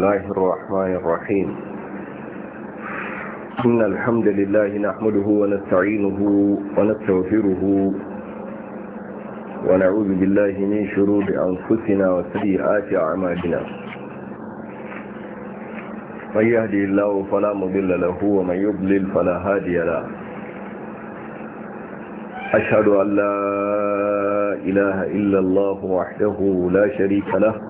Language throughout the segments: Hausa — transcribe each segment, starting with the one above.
الله الرحمن الرحيم إن الحمد لله نحمده ونستعينه ونستغفره ونعوذ بالله من شرور أنفسنا وسيئات أعمالنا من يهدي الله فلا مضل له ومن يضلل فلا هادي له أشهد أن لا إله إلا الله وحده لا شريك له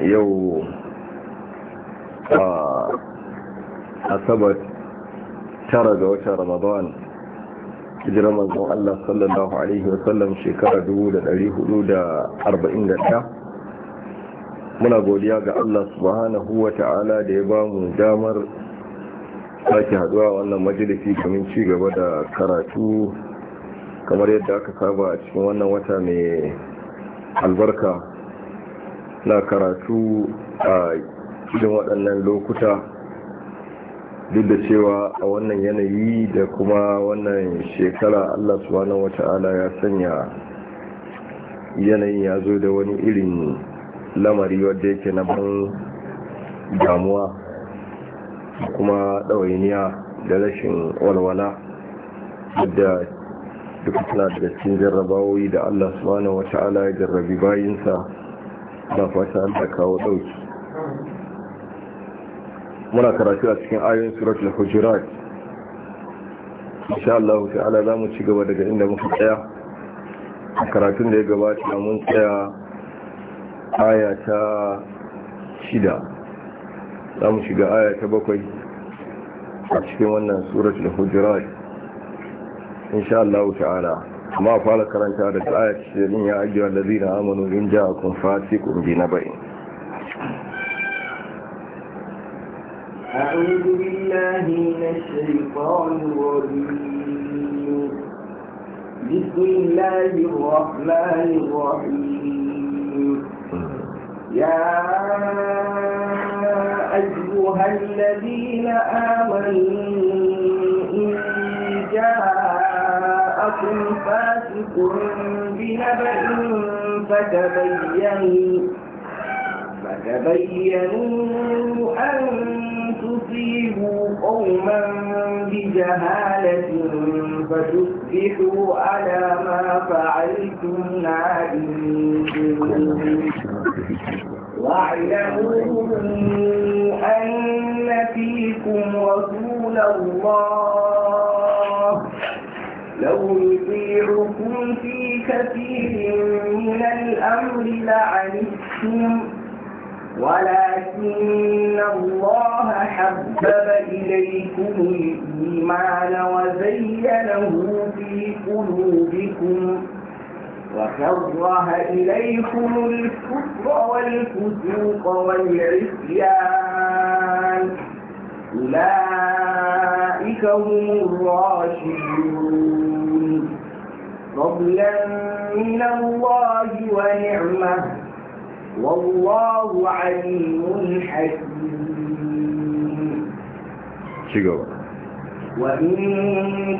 yau a asabar tara ga watan ramadan jiran manzon Allah sallallahu Alaihi wasallam shekara 1441 muna godiya ga Allah subhanahu wa ta'ala da ya ba mu damar sake haduwa wannan majalisi kamin ci gaba da karatu kamar yadda aka saba a cikin wannan wata mai albarka na karatu a cikin waɗannan lokuta duk da cewa a wannan yanayi da kuma wannan shekara allah subhanahu ala ya sanya yanayin ya zo da wani irin lamari wadda yake na ban damuwa kuma ɗawainiya da rashin walwala da duk suna daga cikin jarrabawoyi da allah subhanahu wata'ala ya jarrabi bayinsa da fata ta kawo dauki muna karatu a cikin ayoyin suratul hujurat insha Allah ta'ala za mu ci gaba daga inda muka tsaya a karatun da ya gabata mun tsaya aya ta shida za mu shiga aya ta bakwai a cikin wannan suratul hujurat insha Allah ta'ala ما فعل كرنت على الآية من يا أيها الذين آمنوا إن جاءكم فاسق بنبئ أعوذ بالله من الشيطان الرجيم بسم الله الرحمن الرحيم يا أجوها الذين آمنوا إن جاءكم فاسق بنبأ فتبينوا فتبينوا أن تصيبوا قوما بجهالة فتصبحوا على ما فعلتم نادمين واعلموا أن فيكم رسول الله لو يطيعكم في كثير من الأمر لعنتم ولكن الله حبب إليكم الإيمان وزينه في قلوبكم وكره إليكم الكفر والفسوق والعصيان أولئك أولئك هم الراشدون فضلا من الله ونعمة والله عليم حكيم وإن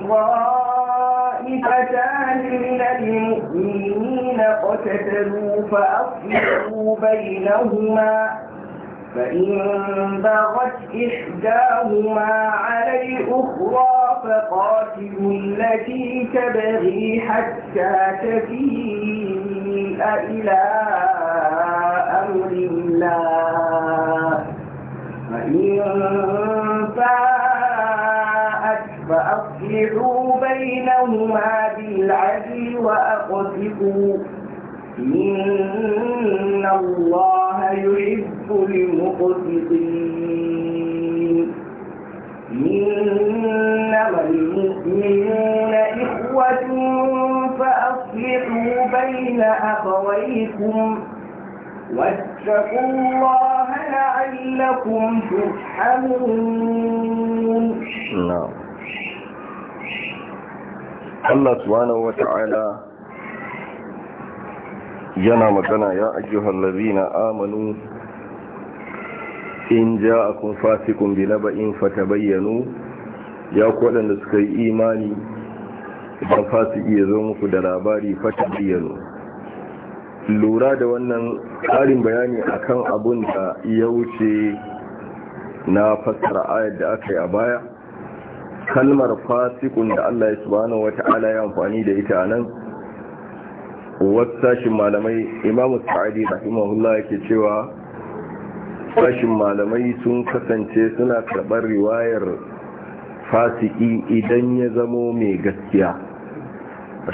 طائفتان من المؤمنين اقتتلوا فأصلحوا بينهما فإن بغت إحداهما على الأخرى فقاتلوا التي تبغي حتى تفيء إلى أمر الله فإن فاءت فأصلحوا بينهما بالعدل وأقسطوا إن الله يحب المقسطين إنما المؤمنون إخوة فأصلحوا بين أخويكم واتقوا الله لعلكم ترحمون نعم الله سبحانه وتعالى yana magana ya ayyuhal ladina amanu in bilaba, in fata fatabayyanu ya ku suka yi imani idan fasiki ya zo muku da labari fatabayyanu lura da wannan ƙarin bayani akan abun da ya wuce na fassara ayar da aka yi a baya kalmar fasikun da Allah ya subhanahu wata'ala ya amfani da ita nan wasu sashin malamai imamu sa'adi rahimahullah yake cewa sashin malamai sun kasance suna karɓar riwayar fasiki idan ya zamo mai gaskiya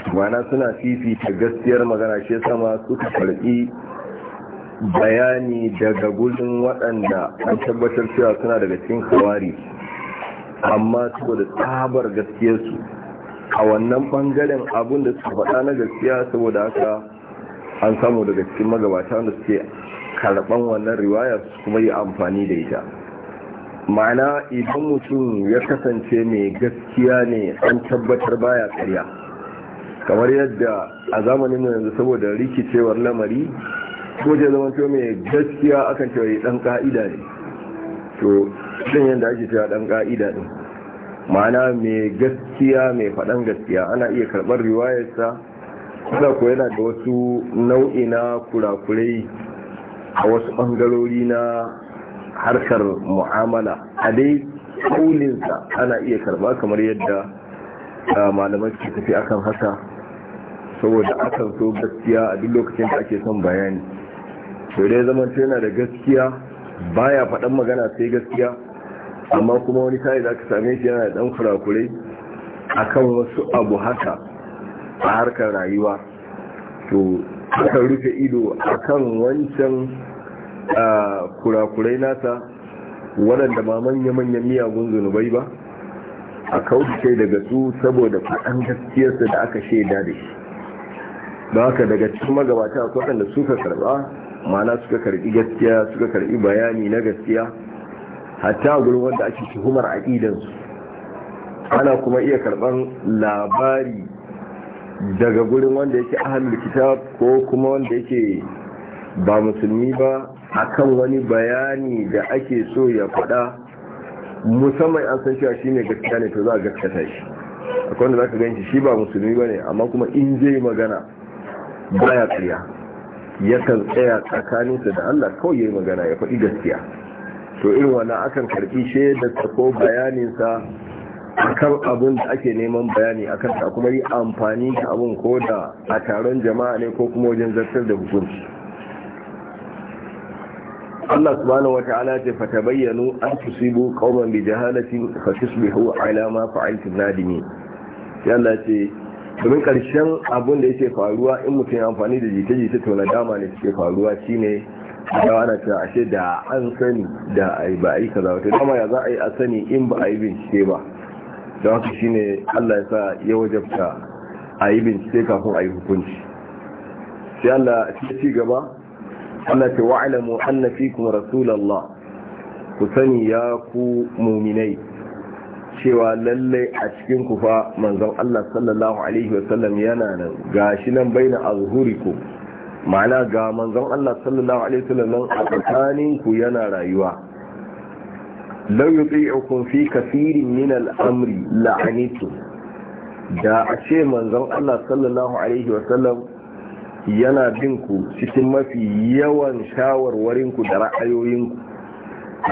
tumana suna fifita gaskiyar magana shi sama suka karɓi bayani daga gudun waɗanda an tabbatar cewa suna daga cikin kawari amma saboda tsabar gaskiyarsu a wannan bangaren abin da suka faɗa na gaskiya saboda haka an samu daga cikin magabata da suke karɓan wannan riwaya su kuma yi amfani da ita ma'ana idan mutum ya kasance mai gaskiya ne an tabbatar baya karya kamar yadda a zamanin mu yanzu saboda rikicewar lamari ko je zama to mai gaskiya akan cewa dan ka'ida ne to din yadda ake cewa dan ka'ida ne ma'ana mai gaskiya mai faɗan gaskiya ana iya karɓar riwayarsa kuma ko yana da wasu nau'i na kurakurai a wasu ɓangarori na harkar mu'amala a dai kaulinsa ana iya karɓa kamar yadda malamai ke tafi akan haka saboda akan so gaskiya a duk lokacin da ake son bayani to dai zaman yana da gaskiya baya faɗan magana sai gaskiya amma kuma wani kayi da aka same shi yana dan kurakurai akan wasu abu haka a harkar rayuwa to aka rufe ido akan wancan kurakurai nasa waɗanda ba manya-manyan miyagun zunubai ba a kauce daga su saboda faɗan gaskiyarsa da aka shaida da shi don haka daga cikin magabata akwai waɗanda suka karɓa mana suka karɓi gaskiya suka karɓi bayani na gaskiya hatta gurin wanda ake tuhumar su, ana kuma iya karɓar labari daga gurin wanda yake ahlul kitab ko kuma wanda yake ba musulmi ba akan wani bayani da ake so ya faɗa musamman an san cewa shine gaskiya ne to za a gaskata shi akwai wanda zaka ganshi shi ba musulmi bane amma kuma in zai magana baya karya. yakan tsaya tsakaninsa da Allah kawai yayi magana ya faɗi gaskiya to irin wannan akan karfi shaidar da ko bayaninsa akan abin da ake neman bayani akan ta kuma yi amfani da abin ko da a taron jama'a ne ko kuma wajen zartar da hukunci Allah subhanahu wata'ala ta fata bayyanu an tusibu qauman bi jahalatin fa tusbihu ala ma fa'altum yalla ce domin karshen abin da yake faruwa in mutum ya amfani da jita-jita to nadama ne suke faruwa shine da ana cewa ashe da an sani da ba ai kaza wata dama ya za a yi a sani in ba a yi bincike ba don haka ne Allah ya sa ya wajabta a yi bincike kafin a yi hukunci sai Allah ci gaba Allah ce wa'alamu anna kuma rasulallah ku sani ya ku muminai cewa lallai a cikin kufa fa manzon Allah sallallahu alaihi wasallam yana nan gashi nan baina azhurikum ma'ana ga manzon Allah sallallahu alaihi wasallam a tsakanin ku yana rayuwa la yuti'ukum fi kathirin min al-amri la'anitu da a ce manzon Allah sallallahu alaihi wasallam yana bin ku cikin mafi yawan shawarwarin ku da ra'ayoyin ku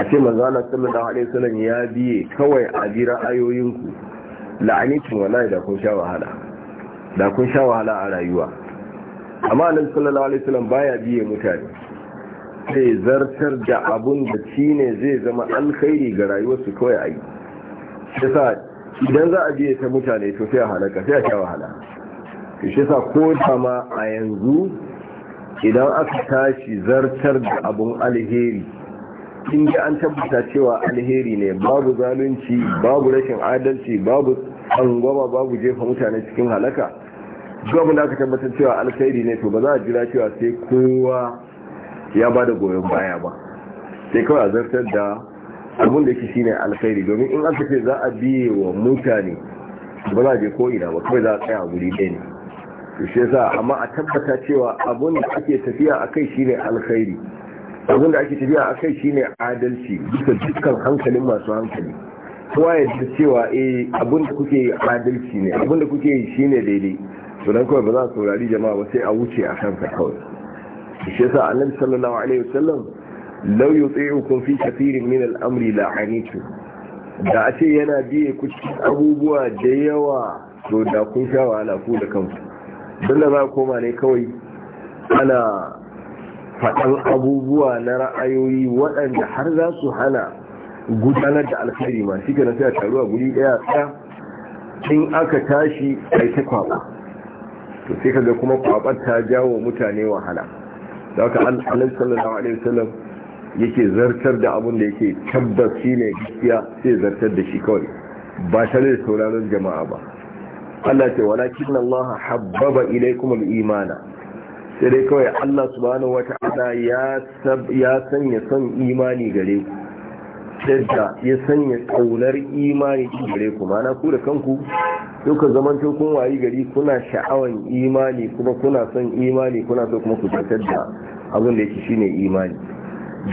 a ce manzon Allah sallallahu alaihi wasallam ya biye kawai a bi ra'ayoyin ku la'anitu wallahi da kun sha wahala da kun sha wahala a rayuwa amma nan sallallahu alaihi wasallam baya biye mutane sai zartar da abun da shi ne zai zama alkhairi ga rayuwar su kawai ai yi yasa idan za a biye ta mutane to sai a halaka sai a sha wahala shi sa ko dama a yanzu idan aka tashi zartar da abun alheri in ji an tabbata cewa alheri ne babu zalunci babu rashin adalci babu tsangwama babu jefa mutane cikin halaka zuwa mun da aka tabbatar cewa alkhairi ne to ba za a jira cewa sai kowa ya ba da goyon baya ba sai kawai a zartar da abin da yake shine alkhairi domin in aka ce za a biye wa mutane ba za a je ko ina ba kawai za a tsaya guri ɗaya ne to shi yasa amma a tabbata cewa abin da ake tafiya a kai shine alkhairi abin da ake tafiya a kai shine adalci bisa dukkan hankalin masu hankali kowa ya cewa eh abin da kuke adalci ne abin da kuke shine daidai sunan kawai ba za a saurari jama'a ba sai a wuce a kansa kawai shi yasa annabi sallallahu alaihi wasallam law yuti'ukum fi kathirin min al-amri la anitu da a ce yana biye ku cikin abubuwa da yawa to da kun sha wahala ku da kanku don da za koma ne kawai ana faɗan abubuwa na ra'ayoyi waɗanda har za su hana gudanar da alkhairi ma shi ke na a taruwa guri ɗaya ɗaya in aka tashi a ta kwaba to sai kaga kuma kwabar ta jawo mutane wahala da haka annabi sallallahu alaihi wasallam yake zartar da abin da yake tabbas shine gaskiya sai zartar da shi kawai ba tare da sauraron jama'a ba Allah ce walakin Allah habbaba ilaykum al-imana sai dai kawai Allah subhanahu wata'ala ya ya sanya son imani gare ku da ya sanya kaunar imani gare ku mana ku da kanku duka zaman kun wayi gari kuna sha'awan imani kuma kuna son imani kuna so kuma ku cutar da abin da yake shine imani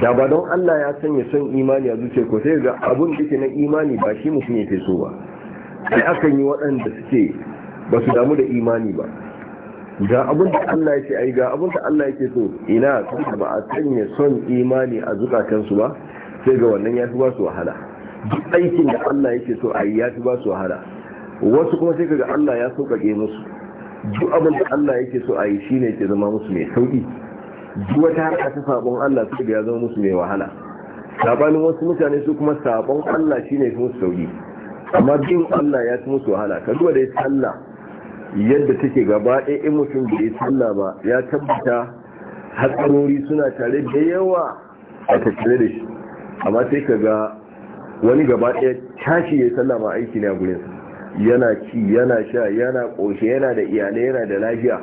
da ba don Allah ya sanya son imani a zuciya ko sai ga abin da yake na imani ba shi mutum yake so ba sai aka yi waɗanda suke ba su damu da imani ba ga abin da Allah yake ai ga abin da Allah yake so ina kuma ba a sanya son imani a zukatansu ba sai ga wannan ya fi ba su wahala duk aikin da Allah yake so a yi ya fi ba su wahala wasu kuma sai kaga Allah ya sauƙaƙe musu duk abin da Allah yake so a yi shine ke zama musu mai sauƙi duk wata harka ta sabon Allah sai ga ya zama musu mai wahala sabanin wasu mutane su kuma sabon Allah shine fi musu sauƙi amma bin Allah ya fi musu wahala ka duba da sallah yadda take gaba ɗaya in mutum bai yi sallah ba ya tabbata hatsarori suna tare da yawa a tattare da shi amma sai ka ga wani gaba ɗaya tashi ya sallah ma aiki ne a gurinsa yana ci yana sha yana ƙoshe yana da iyalai yana da lafiya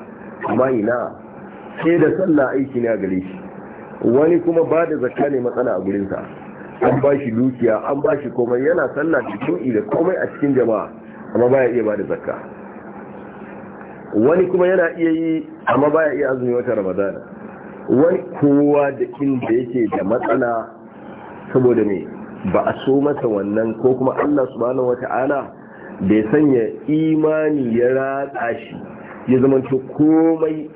amma ina sai da sallah aiki ne a gare shi wani kuma ba da zakka ne matsala a gurinsa an ba shi dukiya an ba shi komai yana sallah cikin da komai a cikin jama'a amma baya iya ba da zakka wani kuma yana iya yi amma baya iya azumi wata ramadana wani kowa da inda yake da matsala saboda ne ba a so masa wannan ko kuma Allah subhanahu wata'ala Bai sanya imani ya ratsa shi ya zama komai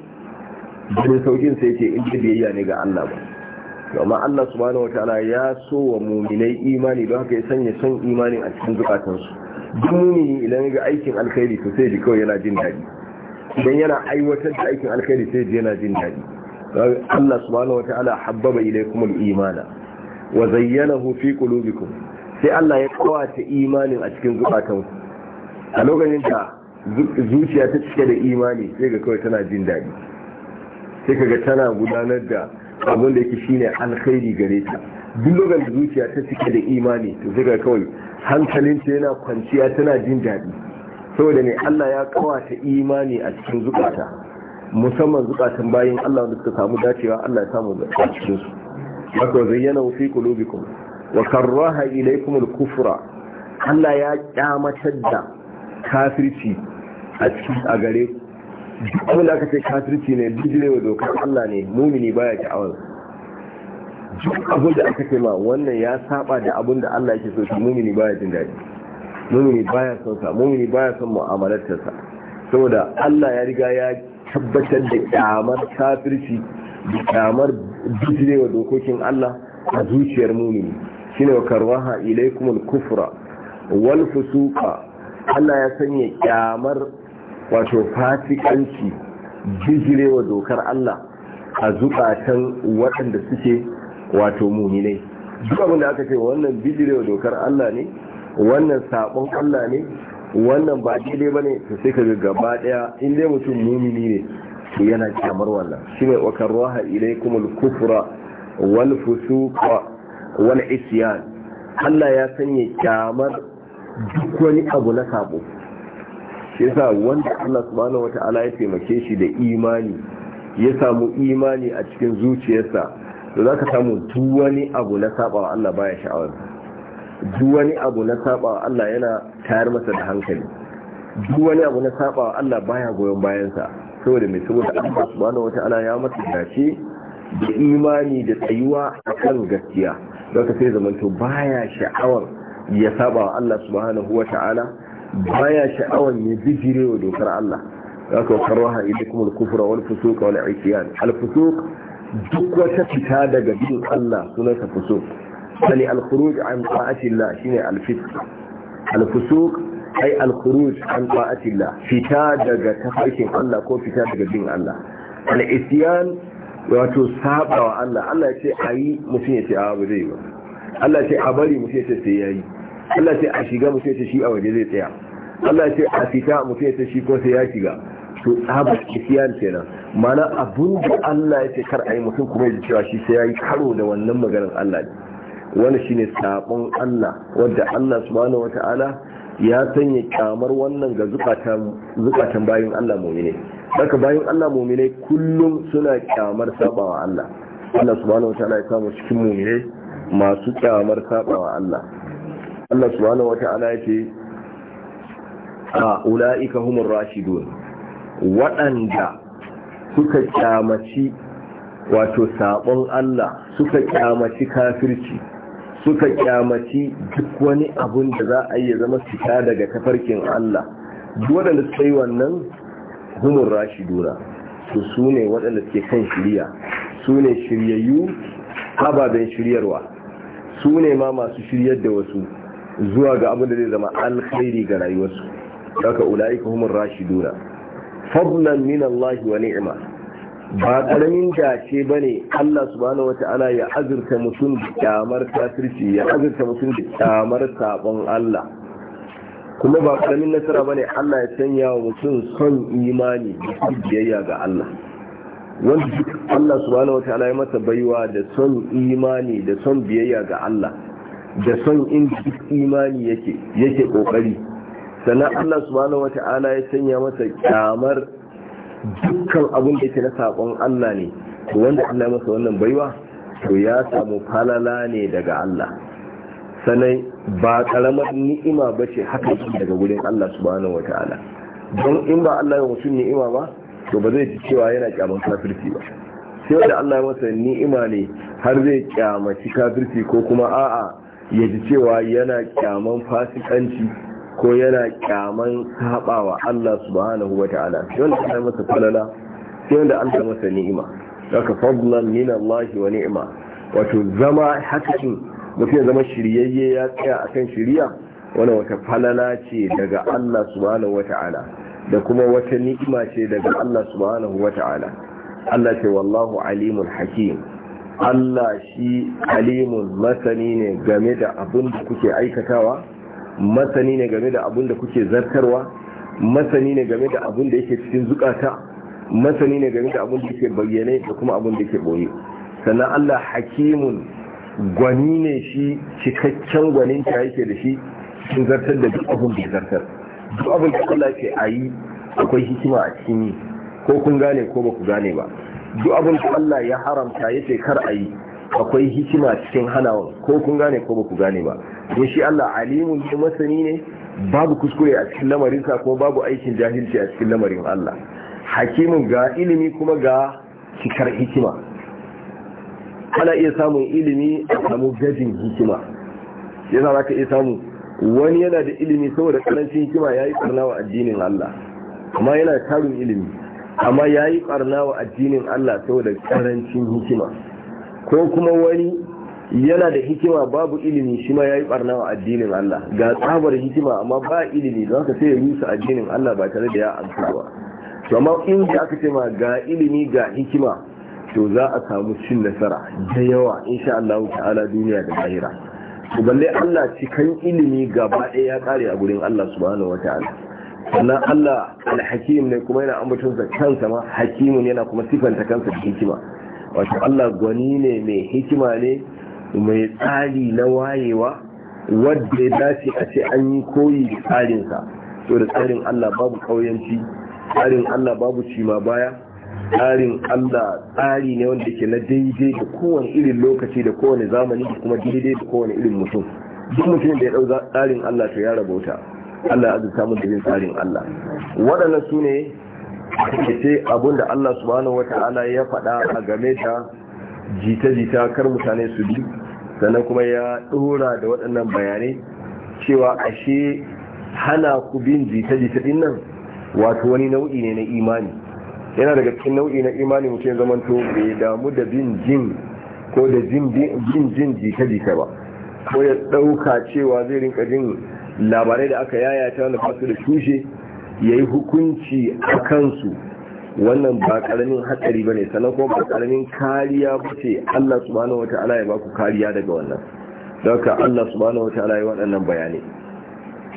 ganin saukin sai ce in biyayya ne ga Allah ba amma Allah subhanahu wataala ya so wa muminai imani don haka ya sanya son imani a cikin zukatansu duk idan ga aikin alkhairi to sai ji kawai yana jin daɗi idan yana aiwatar da aikin alkhairi sai ji yana jin daɗi Allah subhanahu wataala habbaba ilaykum al-imana wa zayyanahu fi qulubikum sai Allah ya kawata imanin a cikin zukatanku a lokacin ta zuciya ta cike da imani sai ga kawai tana jin daɗi sai ka ga tana gudanar da abin da yake shine alkhairi gare ta duk lokacin da zuciya ta cike da imani to sai ga kawai hankalinta yana kwanciya tana jin daɗi saboda ne Allah ya kawata imani a cikin zukata musamman zukatan bayin Allah wanda suka samu dacewa Allah ya samu a cikin su wato zayyana fi qulubikum wa karraha ilaykum al-kufra Allah ya kyamatar da kafirci a cikin a gare abin da aka ce kafirci ne bijirewa dokar Allah ne mumini baya sha'awar duk abin da aka ce ma wannan ya saba da abin da Allah yake so shi mumini baya jin daɗi mumini baya son sa mumini baya son sa saboda Allah ya riga ya tabbatar da kyamar kafirci da kyamar bijirewa dokokin Allah a zuciyar mumini shine wa karwaha ilaikumul kufra wal fusuqa Allah ya sanya kyamar wato fasikanci bijirewa dokar Allah a zukatan waɗanda suke wato muminai duk abin da aka ce wannan bijirewa dokar Allah ne wannan sabon Allah ne wannan ba daidai ba ne ta sai ka gaba ɗaya. in dai mutum mumini ne to yana kyamar wannan shi ne wa karraha kuma kufra wal fusuqa wal isyan Allah ya sanya kyamar duk wani abu na sabo shi yasa wanda Allah subhanahu wata'ala ya taimake shi da imani ya samu imani a cikin zuciyarsa to zaka samu duk wani abu na sabawa Allah baya sha'awar duk wani abu na sabawa Allah yana tayar masa da hankali duk wani abu na sabawa Allah baya goyon bayansa saboda mai saboda Allah subhanahu wata'ala ya masa dace da imani da tsayuwa akan gaskiya zaka sai zamanto baya sha'awar ya saba wa Allah subhanahu wa ta'ala baya sha'awan ya bijire wa dokar Allah zaka karwaha idakum kuma kufura wani fusuq wal isyan al-fusuq duk wata fita daga bin Allah sunansa fusuq sani al-khuruj an ta'ati Allah shine al-fisq al-fusuq ay al-khuruj an ta'ati fita daga tafarkin Allah ko fita daga bin Allah al-isyan wato saba wa Allah Allah ya ce ayi mutum ya ce a ba zai ba Allah ya ce a bari mutum ya ce sai yi. Allah sai a shiga mutum ta shi a waje zai tsaya Allah sai a fita mutum ta shi ko sai ya shiga to tsaba kisiyan kenan mana abun da Allah ya ce kar a yi mutum kuma ya cewa shi sai ya yi karo da wannan maganar Allah ne wani shine sabon Allah wanda Allah subhanahu wataala ya sanya kyamar wannan ga zukatan bayin Allah mumine Daka bayin Allah mumine kullum suna kyamar sabawa Allah Allah subhanahu wataala ya samu cikin mumine masu kyamar sabawa Allah Allah subhanahu wata'ala ya ce a ula'ika humur rashidun waɗanda suka kyamaci wato sabon Allah suka kyamaci kafirci suka kyamaci duk wani abun da za a yi zama fita daga tafarkin Allah waɗanda suka yi wannan humur rashiduna su su ne waɗanda suke kan shirya Sune shiryayyu ababen shiryarwa sune ma masu shiryar da wasu zuwa ga abin da zai zama alkhairi ga rayuwarsu daga ula'ika humur rashiduna fadlan min Allah wa ni'ma ba karamin dace bane Allah subhanahu wata'ala ya azurta mutum da kyamar kafirci ya azurta mutum da kyamar sabon Allah kuma ba karamin nasara bane Allah ya sanya wa mutum son imani da biyayya ga Allah wanda Allah subhanahu wata'ala ya masa baiwa da son imani da son biyayya ga Allah da son inda duk imani yake yake kokari sannan Allah subhanahu wata'ala ya sanya masa kyamar dukkan abin da yake na sakon Allah ne wanda Allah ya masa wannan baiwa to ya samu falala ne daga Allah sannan ba karamar ni'ima ba ce haka daga gurin Allah subhanahu wata'ala don in ba Allah ya mutum ni'ima ba to ba zai ji cewa yana kyaman kafirci ba sai wanda Allah ya masa ni'ima ne har zai kyamaci kafirci ko kuma a'a ya ji cewa yana kyaman fasikanci ko yana kyaman saɓawa Allah subhanahu wa ta'ala sai wanda Allah masa falala sai wanda Allah masa ni'ima daga fadlan Nina Allah wa ni'ima wato zama hakikin mutum ya zama shiryayye ya tsaya akan shiriya wani wata falala ce daga Allah subhanahu wa ta'ala da kuma wata ni'ima ce daga Allah subhanahu wa ta'ala Allah ce wallahu alimul hakim Allah shi alimun masani ne game da abin da kuke aikatawa masani ne game da abin da kuke zartarwa masani ne game da abin da yake cikin zukata masani ne game da abin da yake bayyane da kuma abin da yake boye sannan Allah hakimun gwani ne shi cikakken gwanin ta yake da shi cikin zartar da duk abin da zartar duk abin da Allah ke ayi akwai hikima a cikin ko kun gane ko ba ku gane ba duk abin da Allah ya haramta ya ce kar a yi akwai hikima cikin hanawa ko kun gane ko ba ku gane ba don shi Allah alimun ne masani ne babu kuskure a cikin lamarin sa ko babu aikin jahilci a cikin lamarin Allah hakimin ga ilimi kuma ga cikar hikima ana iya samun ilimi a samu gajin hikima yana za ka iya samu wani yana da ilimi saboda karancin hikima ya yi karnawa addinin Allah amma yana tarin ilimi amma ya yi wa addinin Allah saboda ƙarancin hikima ko kuma wani yana da hikima babu ilimi shi ma ya yi wa addinin Allah ga tsabar hikima amma ba ilimi za ka sai ya rusa addinin Allah ba tare da ya amsa ba to amma in ji aka ce ma ga ilimi ga hikima to za a samu cin nasara da yawa insha Allah ta'ala duniya da lahira to balle Allah cikan ilimi gaba ɗaya ya kare a gurin Allah subhanahu wataala sannan Allah alhakim ne kuma yana ambatunsa kansa ma hakimun yana kuma sifanta kansa da hikima wato Allah gwani ne mai hikima ne mai tsari na wayewa wadda ya dace a ce an yi koyi da tsarinsa to da tsarin Allah babu kauyanci tsarin Allah babu cima baya tsarin Allah tsari ne wanda yake na daidai da kowane irin lokaci da kowane zamani da kuma daidai da kowane irin mutum duk mutum da ya dau tsarin Allah to ya rabauta Allah ya azurta mu da bin tsarin Allah waɗannan su ne ce abin da Allah subhanahu ya faɗa a game da jita-jita kar mutane su bi sannan kuma ya ɗora da waɗannan bayanai cewa ashe hana ku bin jita-jita ɗin nan wato wani nau'i ne na imani yana daga cikin nau'i na imani mutum zamanto bai damu da bin jin ko da jin jin jita-jita ba ko ya ɗauka cewa zai rinka jin labarai da aka yayata wanda fasu da tushe ya yi hukunci a kansu wannan ba karamin hatsari ba ne sannan kuma ba karamin kariya ba ce allah subhanahu ala ya baku kariya daga wannan don ka allah subhanahu ala ya waɗannan bayanai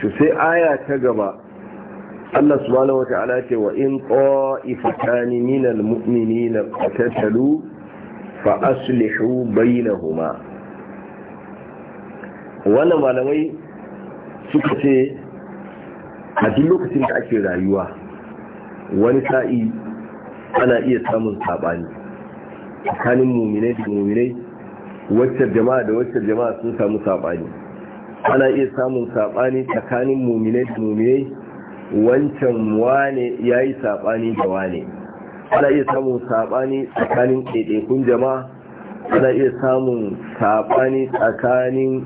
su sai aya ta gaba Allah subhanahu ala ce wa in qa'ifatani minal na qatatalu fa aslihu bainahuma wannan malamai suka ce a duk lokacin da ake rayuwa wani sa'i ana iya samun saɓani tsakanin muminai da muminai wacce jama'a da wacce jama'a sun samu saɓani ana iya samun saɓani tsakanin muminai da muminai wancan wane ya yi saɓani da wane ana iya samun saɓani tsakanin ɗaiɗaikun jama'a ana iya samun saɓani tsakanin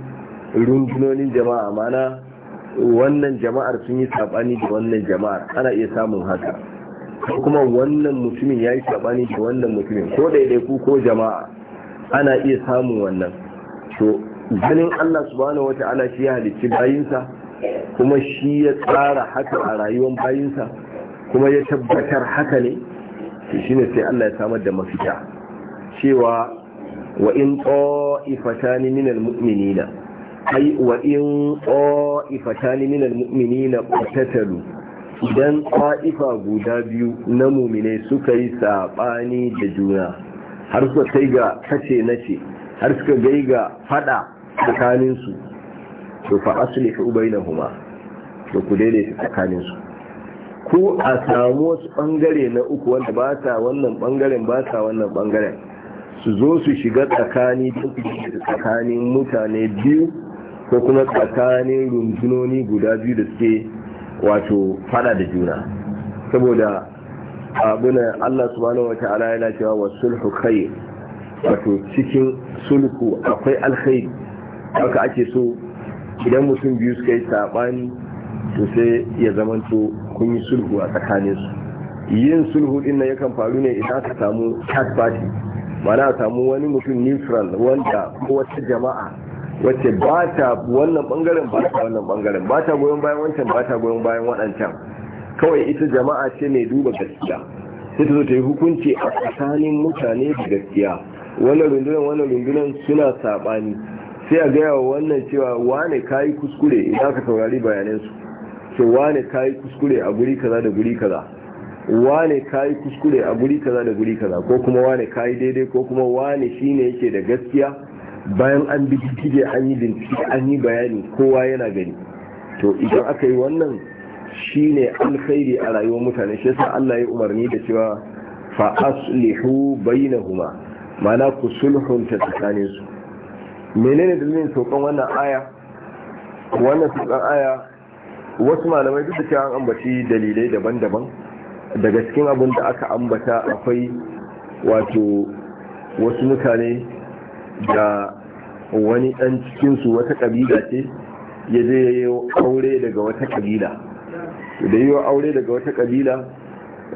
rundunonin jama'a mana wannan jama'ar sun yi sabani da wannan jama'ar ana iya samun haka kuma wannan mutumin ya yi sabani da wannan mutumin ko daidaiku ko jama'a ana iya samun wannan to ganin Allah subhanahu ta'ala shi ya halicci bayinsa kuma shi ya tsara haka a rayuwar bayinsa kuma ya tabbatar haka ne to shine sai Allah ya samar da mafita cewa wa in ta'ifatani minal mu'minina ai wa in na minal mu'minina qatatalu idan qa'ifa guda biyu na mu'mine suka yi sabani da juna har suka kai ga kace nace har suka gai ga fada tsakanin su to fa aslihu bainahuma to ku daidaita tsakanin su ko a samu wasu bangare na uku wanda ba ta wannan bangaren ba ta wannan bangaren su zo su shiga tsakani tsakanin mutane biyu ko kuma tsakanin rundunoni guda biyu da suke wato fada da juna saboda abuna Allah subhanahu wata'ala yana cewa wa sulhu khair wato cikin sulhu akwai alkhairi haka ake so idan mutum biyu suka yi sabani to sai ya zamanto kun yi sulhu a tsakaninsu yin sulhu din nan yakan faru ne idan aka samu third party mana samu wani mutum neutral wanda ko wata jama'a wacce ba ta wannan bangaren ba ta wannan bangaren ba ta goyon bayan wancan ba ta goyon bayan waɗancan kawai ita jama'a ce mai duba gaskiya sai ta zo ta yi hukunci a tsakanin mutane da gaskiya wannan rundunar wannan rundunar suna saɓani sai a gaya wa wannan cewa wane ka yi kuskure idan ka saurari bayanansu ce wane ka yi kuskure a guri kaza da guri kaza wane ka yi kuskure a guri kaza da guri kaza ko kuma wane ka yi daidai ko kuma wane shine yake da gaskiya bayan an bi jijjige an yi bincike an yi bayani kowa yana gani to idan aka yi wannan shi ne alkhairi a rayuwar mutane shi yasa Allah ya umarni da cewa fa aslihu bainahuma mana ku sulhunta tsakanin su menene dalilin saukan wannan aya wannan saukan aya wasu malamai duk da cewa an ambaci dalilai daban-daban daga cikin abin da aka ambata akwai wato wasu mutane da wani ɗan cikinsu wata ƙabila ce ya je yi aure daga wata ƙabila da yi aure daga wata ƙabila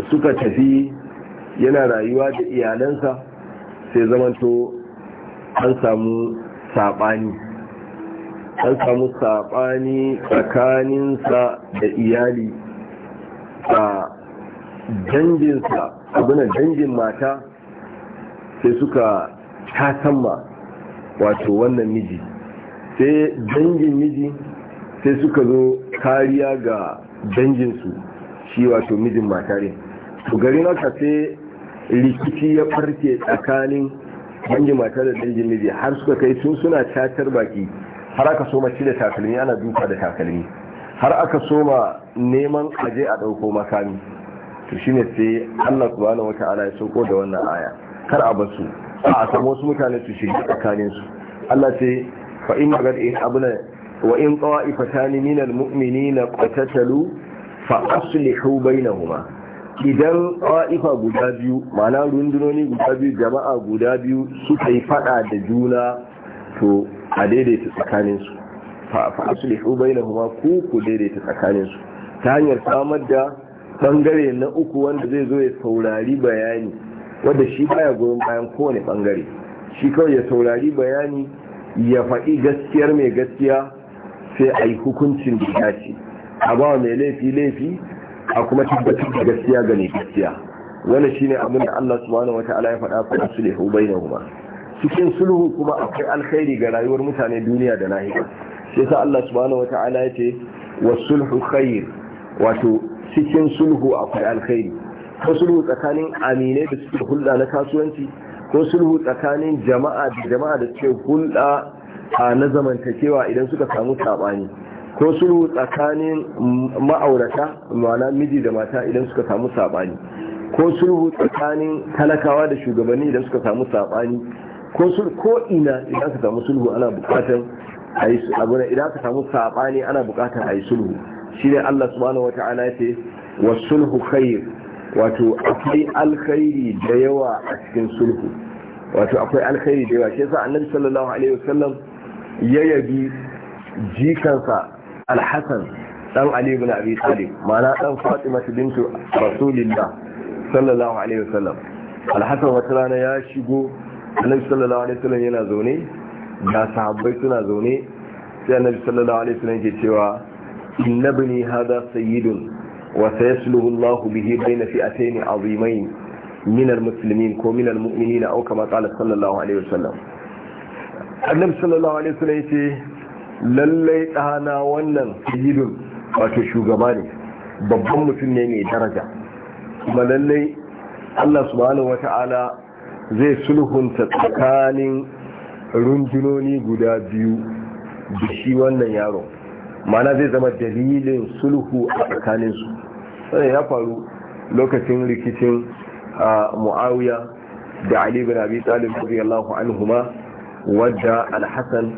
suka tafi yana rayuwa da iyalansa sai zamanto an samu saɓani an samu saɓani tsakaninsa da iyali a danginsa abinan dangin mata sai suka tasamma wato wannan miji sai dangin miji sai suka zo kariya ga danginsu shi wato mijin mata ne to garin haka sai rikici ya farke tsakanin dangin mata da dangin miji har suka kai tun suna catar baki har aka soma ci da takalmi ana duka da takalmi har aka soma neman aje a ɗauko makami to shine sai Allah subhanahu wata'ala ya sauko da wannan aya kar a basu a samu wasu mutane su shiga tsakaninsu Allah ce fa in magar in abuna wa in qa'ifatani min almu'minina qatatalu fa aslihu bainahuma idan qa'ifa guda biyu ma'ana rundunoni guda biyu jama'a guda biyu suka yi fada da juna to a daidaita tsakaninsu fa aslihu bainahuma ku ku daidaita tsakaninsu ta hanyar samar da bangare na uku wanda zai zo ya saurari bayani Wanda shi baya goyon bayan kowane bangare shi kawai ya saurari bayani ya faɗi gaskiyar mai gaskiya sai a yi hukuncin da ya ce a ba mai laifi laifi a kuma tabbatar da gaskiya ga mai gaskiya wani shine abin da Allah subhanahu wata'ala ya faɗa fa sulhu bainahuma cikin sulhu kuma akwai alkhairi ga rayuwar mutane duniya da lahira sai sa Allah subhanahu wata'ala ya ce sulhu khair wato cikin sulhu akwai alkhairi ko sulhu tsakanin aminai da suke hulɗa na kasuwanci ko sulhu tsakanin jama'a da jama'a da suke hulɗa na zamantakewa idan suka samu saɓani ko sulhu tsakanin ma'aurata ma'ana miji da mata idan suka samu saɓani ko sulhu tsakanin talakawa da shugabanni idan suka samu saɓani ko sulhu ko ina idan aka samu sulhu ana buƙatar a yi idan aka samu saɓani ana buƙatar a yi sulhu shi ne Allah subhanahu wata'ala ya ce wa sulhu khair wato akwai alkhairi da yawa a cikin sulhu wato akwai alkhairi da yawa shi yasa annabi sallallahu alaihi wasallam ya yabi jikansa alhasan dan ali ibn abi talib ma'ana dan fatima bintu rasulillah sallallahu alaihi wasallam alhasan wata rana ya shigo annabi sallallahu alaihi wasallam yana zaune da sahabbai suna zaune sai annabi sallallahu alaihi wasallam ke cewa inna bani hada sayyidun وسيسله الله به بين فئتين عظيمين من المسلمين ومن المؤمنين او كما قال صلى الله عليه وسلم النبي صلى الله عليه وسلم يتي للي ɗana wannan sayyidun wato shugaba ne babban mutum ne mai daraja kuma lallai Allah subhanahu wata'ala zai sulhunta tsakanin rundunoni guda biyu da shi wannan yaro mana zai zama dalilin sulhu a tsakaninsu sai ya faru lokacin rikicin muawiya da ali bin abi talib radiyallahu anhuma wadda alhassan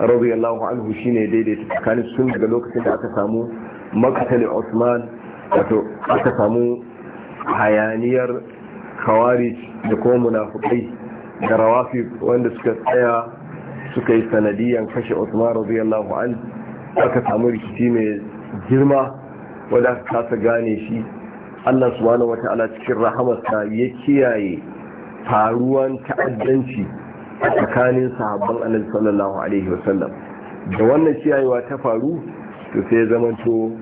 radiyallahu anhu shine daidaita tsakanin sun daga lokacin da aka samu makatali osman wato aka samu hayaniyar khawarij da kuma munafukai da rawafi wanda suka tsaya suka yi sanadiyan kashe osman radiyallahu an aka samu rikici mai girma wadda ta ta gane shi Allah subhanahu wata'ala cikin rahamarsa ya kiyaye faruwan ta'addanci a tsakanin sahabban annabi sallallahu alaihi wasallam da wannan kiyayewa ta faru to sai zama to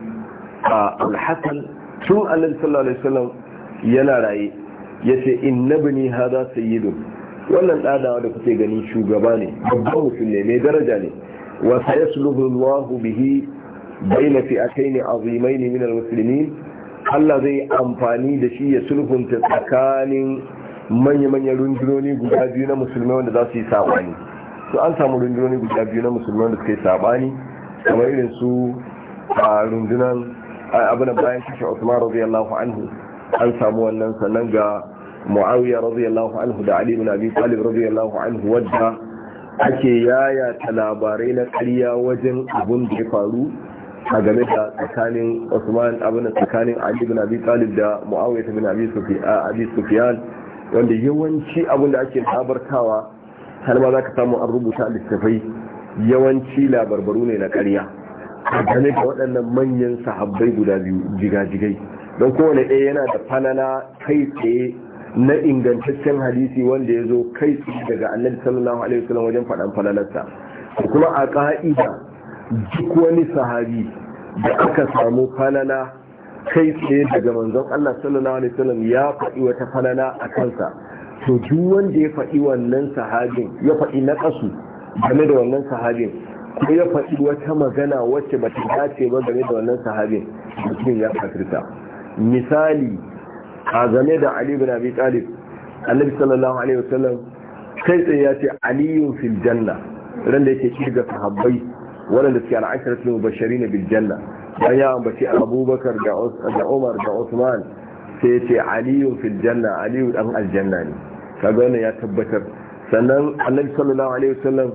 a AlHassan tun annabi sallallahu alaihi wasallam yana raye ya ce in na ha za su yi sayyidun wannan ɗadawa da kuke gani shugaba ne babban mutum ne mai daraja ne wa sayasluhu Allahu bihi baina fi'atayn azimain min al-muslimin Allah zai amfani da shi ya sulhunta tsakanin manya-manyan rundunoni guda biyu na musulmai wanda za su yi sabani to an samu rundunoni guda biyu na musulmai wanda suka yi sabani kamar irin su a rundunan abin bayan kashe Usman radiyallahu anhu an samu wannan sannan ga Muawiya radiyallahu anhu da Ali ibn Abi Talib radiyallahu anhu wadda ake yaya ta labarai na ƙarya wajen abin da ya faru a game da tsakanin Usman abin tsakanin Ali ibn Abi Talib da Muawiya ibn Abi Sufyan wanda yawanci abin da ake tabartawa har ma zaka samu an rubuta littafai yawanci labarbaru ne na ƙarya game da waɗannan manyan sahabbai guda biyu jigajigai don kowane ɗaya yana da fanana, kai tsaye na ingantaccen hadisi wanda ya zo kai tsaye daga annabi sallallahu alaihi wasallam wajen faɗan falalarsa kuma a ƙa'ida duk wani sahabi da aka samu falala kai tsaye daga manzon Allah sallallahu alaihi wasallam ya faɗi wata falala a kansa to duk wanda ya faɗi wannan sahabin ya faɗi na ƙasu game da wannan sahabin ko ya faɗi wata magana wacce ba ta dace ba game da wannan sahabin mutum ya kafirta misali a game da Ali ibn Abi Talib Annabi sallallahu alaihi wasallam kai tsaye ya ce aliyun fil janna ran da yake shiga sahabbai waɗanda suke al'ashirar mubashari na biljanna bayan ya ambaci abubakar da umar da usman sai ya ce aliyu filjanna aliyu dan aljanna ne kaga wannan ya tabbatar sannan annabi sallallahu alaihi wasallam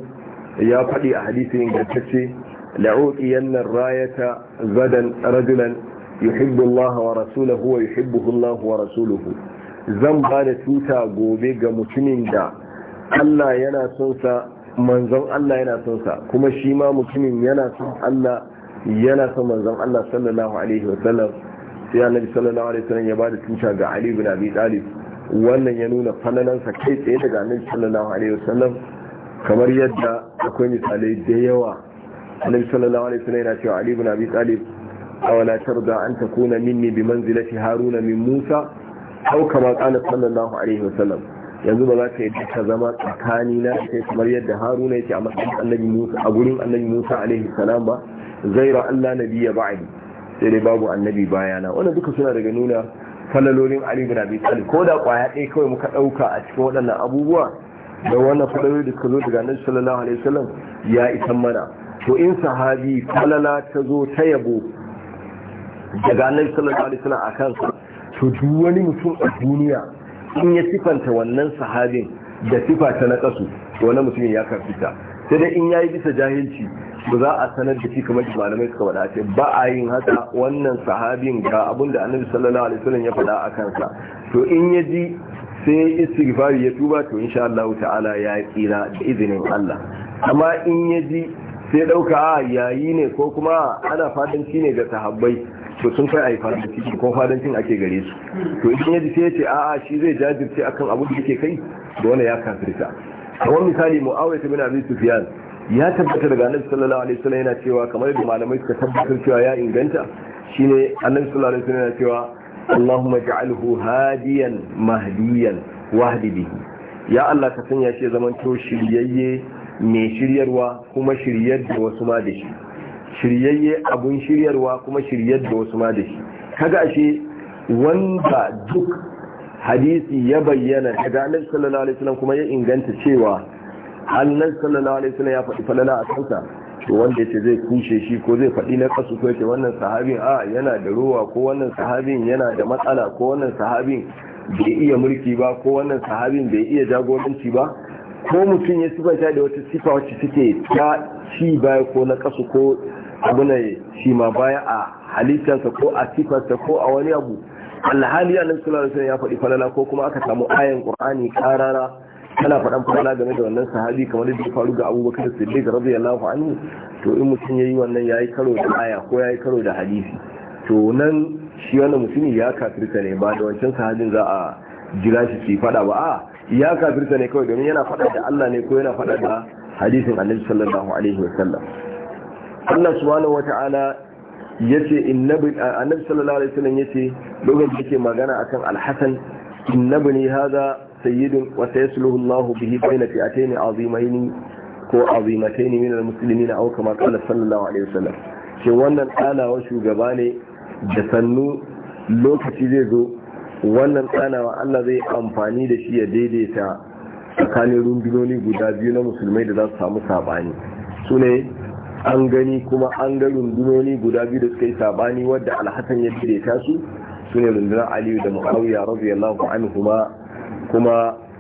ya faɗi a hadisin ingantacce la'uqiyanna yannan rayata zadan rajulan yuhibbu Allah wa rasuluhu wa yuhibbuhu Allah wa rasuluhu zan ba da tuta gobe ga mutumin da Allah yana son sa manzon Allah yana son sa kuma shi ma mutumin yana son Allah yana son manzon Allah sallallahu alaihi wa sallam sai annabi sallallahu alaihi wa sallam ya bada tuta ga Ali ibn Abi Talib wannan ya nuna sa kai tsaye daga annabi sallallahu alaihi wa sallam kamar yadda akwai misalai da yawa annabi sallallahu alaihi wa sallam yana cewa Ali ibn Abi Talib awala tarda an takuna minni bi manzilati Haruna min Musa aw kama qala sallallahu alaihi wa sallam yanzu ba za ka yi ta zama tsakani na yi kamar yadda haruna yake a matsayin annabi musa a gurin annabi musa alaihi salam ba zaira allah nabiya ba'adi sai dai babu annabi bayana wannan duka suna daga nuna falalolin ali bin abi talib ko da kwaya ɗaya kawai muka ɗauka a cikin waɗannan abubuwa da wannan falalolin da suka zo daga annabi sallallahu alaihi wasallam ya isan mana to in sahabi falala ta zo ta yabo daga annabi sallallahu alaihi wasallam akan to duk wani mutum a duniya in ya sifanta wannan sahabin da sifa ta na kasu da wani mutumin ya kafita sai dai in yayi bisa jahilci ba za a sanar da shi kamar malamai suka wada ce ba a yin haka wannan sahabin ga abin da annabi sallallahu alaihi wasallam ya faɗa a kansa to in ya ji sai istighfari ya tuba to insha Allah ta'ala ya tsira da izinin Allah amma in ya ji sai ɗauka yayi ne ko kuma ana fadanci ne ga sahabbai to sun kai a yi fadanci ko fadancin ake gare su to idan ya ji sai ya ce a'a shi zai jajirce akan abin da yake kai da wani ya kafirta kamar misali mu'awiyah bin abi sufyan ya tabbata daga annabi sallallahu alaihi wasallam yana cewa kamar yadda malamai suka tabbatar cewa ya inganta shine annabi sallallahu alaihi wasallam yana cewa Allahumma ja'alhu hadiyan mahdiyan wahdi bihi ya Allah ka sanya shi zaman to shiryayye mai shiryarwa kuma shiryar da wasu ma da shi shiryayye abun shiryarwa kuma shiryar da wasu ma da shi kaga ashe wanda duk hadisi ya bayyana daga annabi sallallahu alaihi wasallam kuma ya inganta cewa annabi sallallahu alaihi wasallam ya faɗi falala a kansa to wanda yace zai kushe shi ko zai faɗi na kasu ko yace wannan sahabin a yana da ruwa ko wannan sahabin yana da matsala ko wannan sahabin bai iya mulki ba ko wannan sahabin bai iya jagoranci ba ko mutum ya sifa da wata sifa wacce suke ta ci baya ko na kasu ko abu ne shi ma baya a halittarsa ko a sifarsa ko a wani abu alhali annabi sallallahu alaihi ya faɗi falala ko kuma aka samu ayan qur'ani karara kana faɗan falala game da wannan sahabi kamar da ya faru ga abubakar siddiq radiyallahu anhu to in mutum yayi wannan yayi karo da aya ko yayi karo da hadisi to nan shi wannan mutumi ya kafirta ne ba da wancan sahabin za a jira shi su faɗa ba a ya kafirta ne kawai domin yana faɗa da Allah ne ko yana faɗa da hadisin annabi sallallahu alaihi wasallam Allah subhanahu wata'ala yace annabi sallallahu alaihi wasallam yace lokacin da yake magana akan al-hasan innabni hadha sayyidun wa sayasluhu Allah bihi bayna fi'atayn azimayn ko azimatayn min al-muslimin aw kama qala sallallahu alaihi wasallam shi wannan tsanawa shugaba ne da sannu lokaci zai zo wannan tsanawa Allah zai amfani da shi ya daidaita tsakanin rundunoni guda biyu na musulmai da za su samu sabani su ne an gani kuma an ga rundunoni guda biyu da suka yi sabani wadda alhassan ya daidaita su su ne rundunar aliyu da muawiya lafi an kuma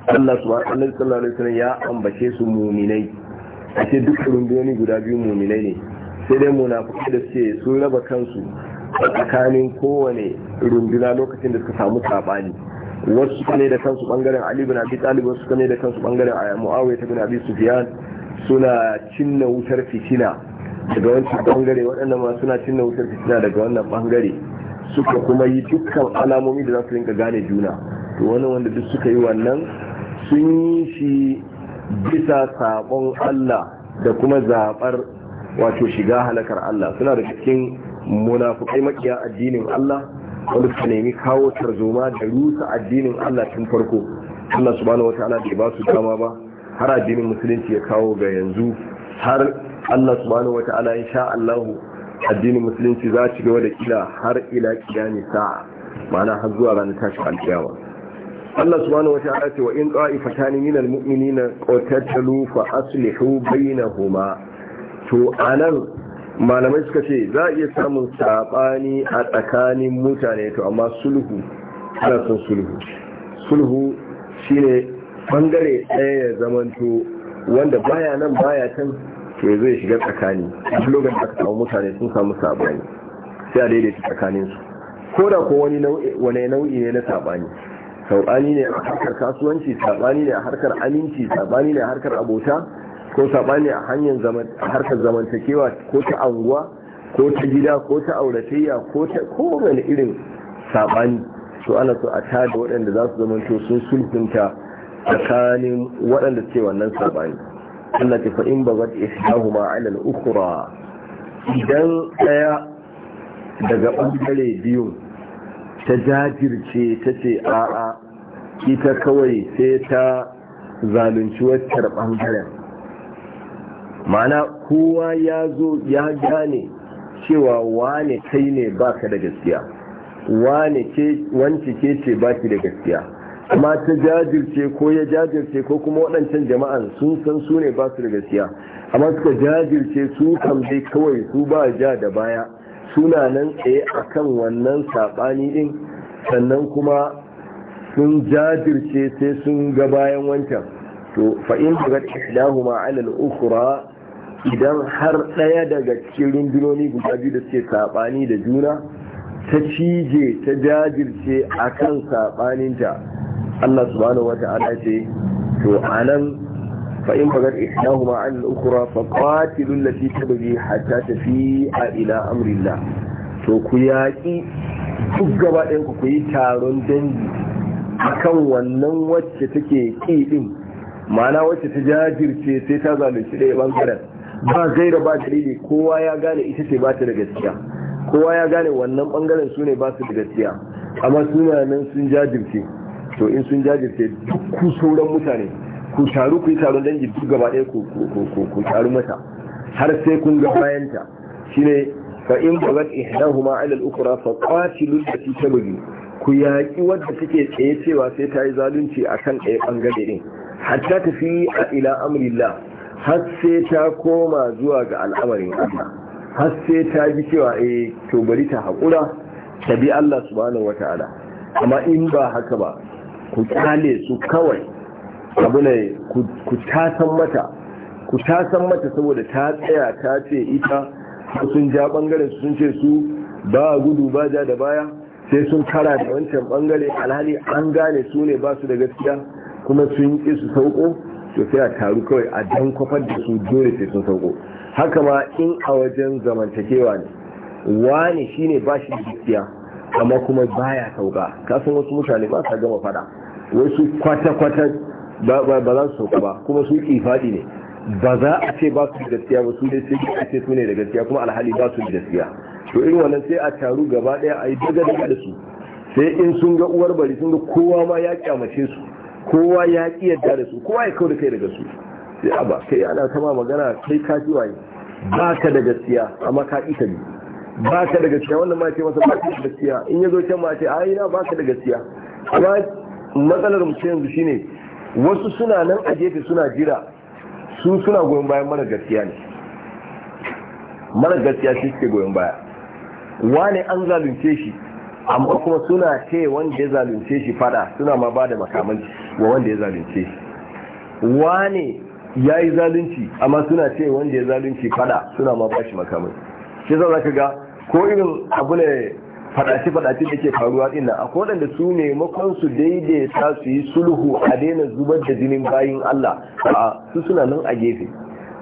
Allah subhanahu sallallahu alaihi wasallam ya ambace su muminai ce duk rundunoni guda biyu muminai ne sai dai munafiki da suke sun raba kansu a tsakanin kowane runduna lokacin da suka samu sabani wasu ne da kansu bangaren Ali bin Abi Talib wasu ne da kansu bangaren Muawiya bin Abi Sufyan suna cinna wutar fitina daga wancan bangare waɗannan ma suna cinna wutar fitina daga wannan bangare suka kuma yi dukkan alamomi da za su rinka gane juna to wani wanda duk suka yi wannan sun yi shi bisa saƙon Allah da kuma zaɓar wato shiga halakar Allah suna da cikin munafukai makiya addinin Allah wanda suka nemi kawo tarzoma da rusa addinin Allah tun farko Allah subhanahu wataala bai ba su dama ba har addinin musulunci ya kawo ga yanzu har Allah subhanahu wata'ala insha Allah addinin musulunci za ci gaba da kila har ila kiyami sa'a ma'ana har zuwa ranar tashin alkiyama Allah subhanahu wata'ala ce wa in min minal mu'minina qatatalu fa aslihu bainahuma to anan malamai suka ce za a iya samun sabani a tsakanin mutane to amma sulhu ana son sulhu sulhu shine bangare ɗaya ya zamanto wanda baya nan baya can ke zai shiga tsakani duk lokacin da aka samu mutane sun samu sabani sai a daidaita tsakanin su ko da ko wani nau'i ne na sabani sabani ne a harkar kasuwanci sabani ne a harkar aminci sabani ne a harkar abota ko sabani a hanyar harkar zamantakewa ko ta anguwa ko ta gida ko ta auratayya ko ta kowane irin sabani to ana so a tada waɗanda za su zamanto sun sulhunta tsakanin waɗanda ce wannan sabani Allah ce fa in isa huma a ilal ukura idan ɗaya daga ɓangare biyu ta jajirce ta ce a'a ita kawai sai ta zalunci wacce bangaren mana kowa ya zo ya gane cewa wane kai ne ka da gaskiya wane ke wance ke ce baki da gaskiya ma ta jajirce ko ya jajirce ko kuma waɗancan jama'an sun san su ne ba su da gaskiya amma suka jajirce su kan dai kawai su ba ja da baya suna nan tsaye a kan wannan saɓani ɗin sannan kuma sun jajirce sai sun ga bayan wancan to fa'in daga ihdahuma ala al idan har ɗaya daga cikin rundunoni guda biyu da suke saɓani da juna ta cije ta jajirce a kan saɓaninta Allah subhanahu wa ta'ala ce to anan fa in bagar ma an al-ukhra fa qatilu allati tabghi hatta tafi'a ila amrillah to ku yaki duk gaba ɗayan ku yi taron dangi akan wannan wacce take ki din ma'ana wacce ta jajirce sai ta zalunci ɗaya bangaren ba gaira ba dalili kowa ya gane ita ce ba ta da gaskiya kowa ya gane wannan bangaren su ne ba su da gaskiya amma suna nan sun jajirce to in sun jajirce duk ku sauran mutane ku taru ku yi taron dangi duk gaba ɗaya ku taru mata har sai kun ga bayanta shine fa in bagat ma ala al-ukhra fa qatilu allati tabghi ku yaƙi wadda take tsaye cewa sai ta yi zalunci akan kan ɗaya ɓangare ɗin hatta ta fi a ila amrillah har sai ta koma zuwa ga al'amarin Allah har sai ta ji cewa eh to bari ta haƙura ta bi Allah subhanahu wa amma in ba haka ba ku kyale su kawai abu ne ku tasan mata ku tasan mata saboda ta tsaya ta ce ita sun ja bangaren sun ce su ba gudu ba ja da baya sai sun kara da wancan bangare alhali an gane su ne ba su da gaskiya kuma sun yi su sauko to sai a taru kawai a dan kwafar da su dole sai sun sauko haka ma in a wajen zamantakewa ne wani shine ba shi da gaskiya amma kuma baya sauka kasan wasu mutane ba sa gama fada wasu kwata-kwata ba za su sauka ba kuma su kifaɗi ne ba za a ce ba su da gaskiya ba su ne sai a ce su ne da gaskiya kuma alhali ba su da gaskiya to irin wannan sai a taru gaba ɗaya a yi daga daga da su sai in sun ga uwar bari sun ga kowa ma ya kyamace su kowa ya ki yadda da su kowa ya kau da kai daga su sai a ba kai ana sama magana kai ka waye ba ka da gaskiya amma ka ita ne bi ba ka da gaskiya wannan ma ce masa ba ka da gaskiya in ya zo can ma ce a yi na ba ka da gaskiya amma matsalar mu yanzu shine wasu suna nan a gefe suna jira su suna goyon bayan mara gaskiya ne mara gaskiya shi suke goyon baya wane an zalunce shi amma kuma suna ce wanda ya zalunce shi fada suna ma ba da makaman wa wanda ya zalunce shi wane ya yi zalunci amma suna ce wanda ya zalunci fada suna ma ba shi makaman shi zan ka ga ko irin abu ne fadace-fadace da ke faruwa dinnan a waɗanda su ne su daidaita su yi sulhu a daina zubar da jinin bayin Allah a su suna nan a gefe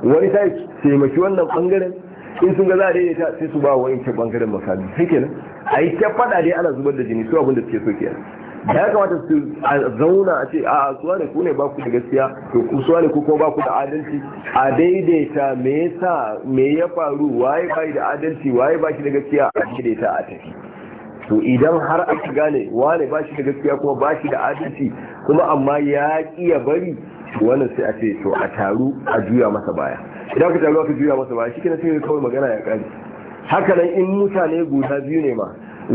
wani ta taimaki wannan bangaren in sun ga za a daidaita sai su ba wani ta bangaren makami sai kenan a yi ta fada dai ana zubar da jini su abin da suke so kenan ya kamata su zauna a ce a suwa ne ku ne ba ku da gaskiya to ku suwa ne ku ko ba ku da adalci a daidaita me yasa me ya faru waye bai da adalci waye ba shi da gaskiya a daidaita a tafi to idan har aka gane wane ba shi da gaskiya kuma ba shi da adalci kuma amma ya ya bari wannan sai a ce to a taru a juya masa baya idan aka taru aka juya masa baya shi kina sai kawai magana ya kare haka nan in mutane guda biyu ne ma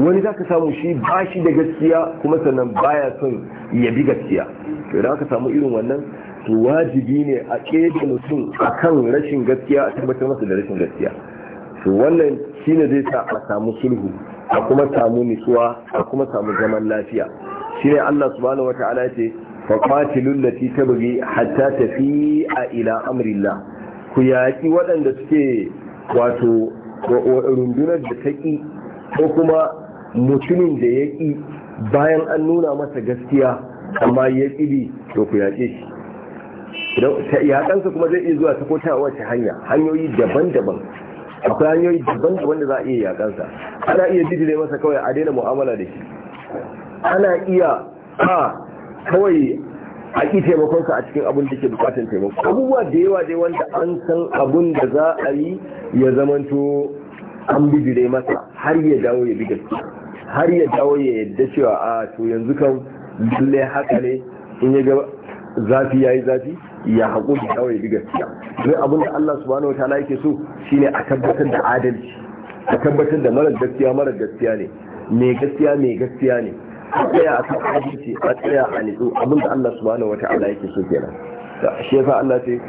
wani za ka samu shi ba shi da gaskiya kuma sannan baya son ya bi gaskiya to idan aka samu irin wannan to wajibi ne a ƙeda mutum akan rashin gaskiya a tabbatar masa da rashin gaskiya to wannan shine zai sa a samu sulhu a kuma samu nutsuwa a kuma samu zaman lafiya Shi ne Allah subhanahu wata'ala ce fa qatilul lati tabghi hatta a ila amrillah ku yaki waɗanda suke wato rundunar da ta ƙi ko kuma mutumin da ya ƙi bayan an nuna masa gaskiya amma ya ƙi to ku yaƙe shi yaƙansa kuma zai iya zuwa ta kota wace hanya hanyoyi daban-daban akwai hanyoyi daban-daban da za a iya yaƙansa, ana iya jidire masa kawai a daina mu'amala da shi ana iya a kawai a ƙi taimakonsa a cikin abin da ke bukatun taimako abubuwa da yawa dai wanda an san abin da za a yi ya zamanto an bijire masa har ya dawo ya bi gaske har ya dawo ya yadda cewa a to yanzu kan lalle haka ne in ya zafi yayi zafi ya haƙuri kawai bi gaskiya duk abin da Allah subhanahu wataala yake so shine a tabbatar da adalci a tabbatar da marar gaskiya marar gaskiya ne mai gaskiya mai gaskiya ne a tsaya a kan adalci a tsaya a nitsu abin da Allah subhanahu wataala yake so kenan shi yasa Allah ce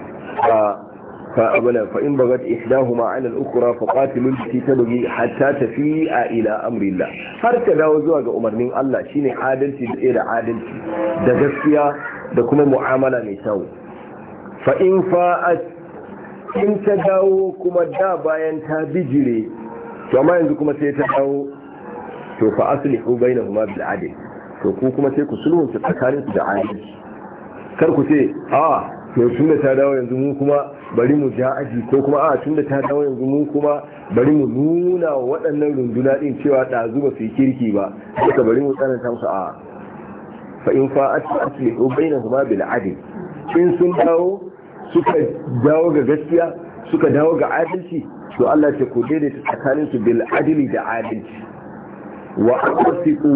a فأبنا فإن بغت إحداهما على الأخرى فقاتل التي تبغي حتى تفيء إلى أمر الله هركا داوزوا ga umarnin Allah shine adalci da da adalci da gaskiya da kuma mu'amala mai kyau fa in fa'at in ta dawo kuma da bayan ta bijire to amma yanzu kuma sai ta dawo to fa aslihu bainahuma bil adl to ku kuma sai ku sulhu ta tsakanin su da adalci kar ku ce a to tunda ta dawo yanzu mu kuma bari mu ja aji ko kuma a tunda ta dawo yanzu mu kuma bari mu nuna waɗannan runduna din cewa ɗazu ba su yi kirki ba haka bari mu tsananta musu a fa in fa'at aslihu bainahuma bil adl in sun dawo suka dawo ga gaskiya suka dawo ga adalci to Allah ce ku daidaita tsakanin su bil adli da adalci wa aqsitu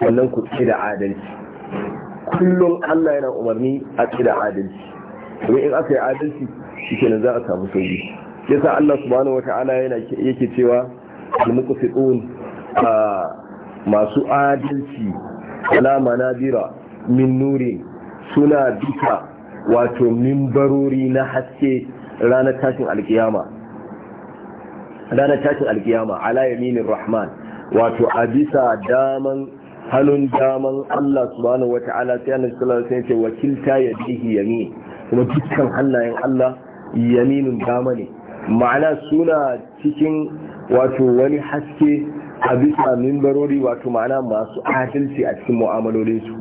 wannan ku da adalci kullum Allah yana umarni a da adalci domin in aka yi adalci shikenan za a samu sauki yasa Allah subhanahu wata'ala yana yake cewa al-muqsitun ah, masu adalci ala manabira min nurin suna bisa wato mimbarori na haske ranar tashin alkiyama ranar tashin alkiyama ala yaminin rahman wato a bisa daman hannun daman Allah subhanahu wa ta'ala sai annabi sallallahu alaihi wasallam wakilta yadihi yamin kuma dukkan hannayen Allah yaminin dama ne ma'ana suna cikin wato wani haske a bisa mimbarori wato ma'ana masu adalci a cikin mu'amalolinsu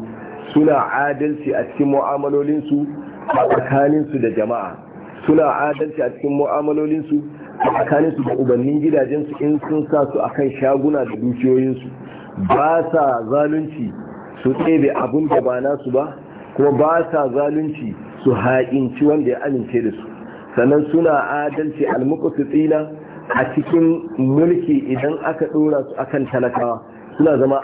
suna adalci a cikin mu'amalolinsu a tsakaninsu da jama'a suna adalci a cikin mu'amalolinsu a tsakaninsu da ubannin gidajensu in sun sa su a kan shaguna da dukiyoyinsu ba sa zalunci su tsebe abin da ba nasu ba kuma ba sa zalunci su haƙinci wanda ya amince da su sannan suna adalci tsina. a cikin mulki idan aka ɗora su akan talakawa suna zama